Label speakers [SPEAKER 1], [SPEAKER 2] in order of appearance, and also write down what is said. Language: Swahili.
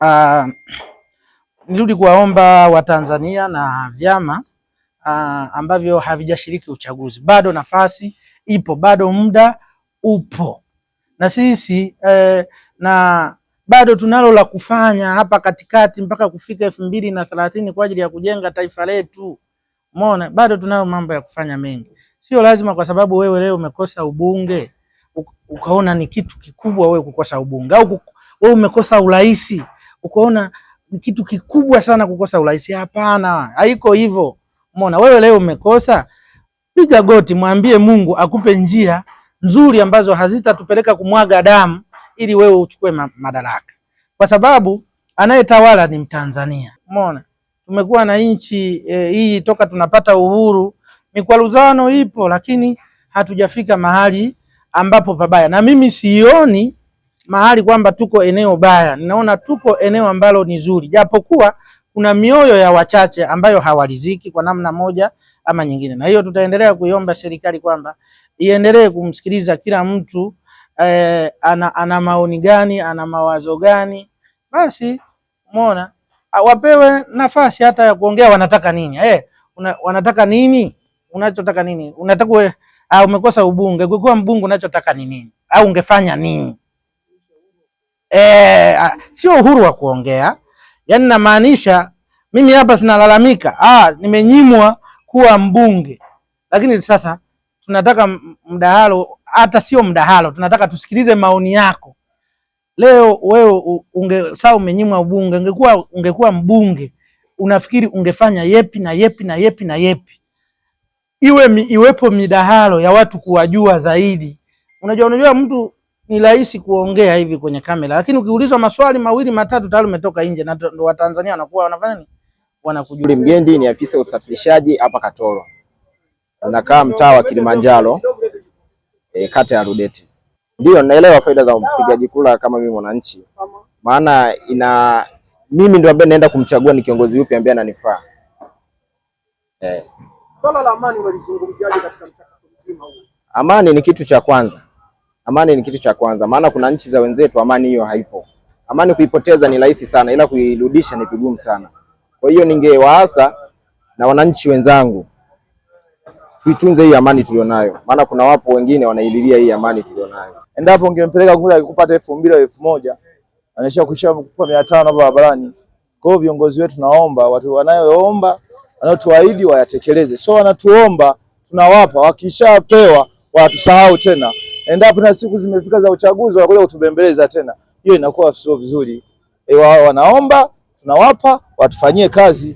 [SPEAKER 1] Uh, nirudi kuwaomba Watanzania na vyama uh, ambavyo havijashiriki uchaguzi, bado nafasi ipo, bado muda upo na sisi eh, na bado tunalo la kufanya hapa katikati mpaka kufika elfu mbili na thelathini kwa ajili ya kujenga taifa letu. Umeona, bado tunayo mambo ya kufanya mengi. Sio lazima kwa sababu wewe leo umekosa ubunge ukaona ni kitu kikubwa wewe kukosa ubunge au wewe umekosa urais ukaona kitu kikubwa sana kukosa urahisi. Hapana, haiko hivyo. Umeona wewe leo umekosa, piga goti, mwambie Mungu akupe njia nzuri ambazo hazitatupeleka kumwaga damu ili wewe uchukue madaraka, kwa sababu anayetawala ni Mtanzania. Umeona tumekuwa na nchi e, toka tunapata uhuru, mikwaruzano ipo, lakini hatujafika mahali ambapo pabaya, na mimi sioni mahali kwamba tuko eneo baya, ninaona tuko eneo ambalo ni zuri, japokuwa kuna mioyo ya wachache ambayo hawaliziki kwa namna moja ama nyingine, na hiyo tutaendelea kuiomba serikali kwamba iendelee kumsikiliza kila mtu eh, ana, ana maoni gani, ana mawazo gani, basi umeona ah, wapewe nafasi hata ya kuongea wanataka nini eh, una, wanataka nini, unachotaka nini, unataka uh, umekosa ubunge, ukikuwa mbunge unachotaka ni nini, au ungefanya nini? eh, ah, sio uhuru wa kuongea. Yaani namaanisha mimi hapa sinalalamika, ah, nimenyimwa kuwa mbunge, lakini sasa tunataka mdahalo, hata sio mdahalo, tunataka tusikilize maoni yako. Leo wewe unge saa umenyimwa ubunge, ungekuwa ungekuwa mbunge, unafikiri ungefanya yepi na yepi na yepi na yepi? Iwe mi, iwepo midahalo ya watu kuwajua zaidi. Unajua, unajua mtu ni rahisi kuongea hivi kwenye kamera, lakini ukiulizwa maswali mawili matatu tayari umetoka nje, na ndio Watanzania wanakuwa wanafanya nini, wanakujua.
[SPEAKER 2] Mgendi ni afisa usafirishaji hapa Katoro, anakaa mtaa wa Kilimanjaro, e, kata ya Rudeti. Ndio naelewa faida za mpigaji kura kama mimi mwananchi, maana ina mimi ndio ambaye naenda kumchagua ni kiongozi yupi ambaye ananifaa. Eh, swala la amani unalizungumziaje katika mchakato mzima huu? Amani ni kitu cha kwanza amani ni kitu cha kwanza, maana kuna nchi za wenzetu amani hiyo haipo. Amani kuipoteza ni rahisi sana, ila kuirudisha ni vigumu sana. Kwa hiyo ningewaasa na wananchi wenzangu tuitunze hii amani tulionayo, maana kuna wapo wengine wanaililia hii amani tulionayo. Endapo ungempeleka kule akikupata elfu mbili au elfu moja anaishia kuisha kukupa mia tano hapo barabarani. Kwa hiyo viongozi wetu, naomba watu wanayoomba wanaotuahidi wayatekeleze, so wanatuomba tunawapa, wakishapewa watusahau tena endapo na siku zimefika za uchaguzi wanakuja kutubembeleza tena, hiyo inakuwa sio vizuri. E, wao wanaomba tunawapa watufanyie kazi.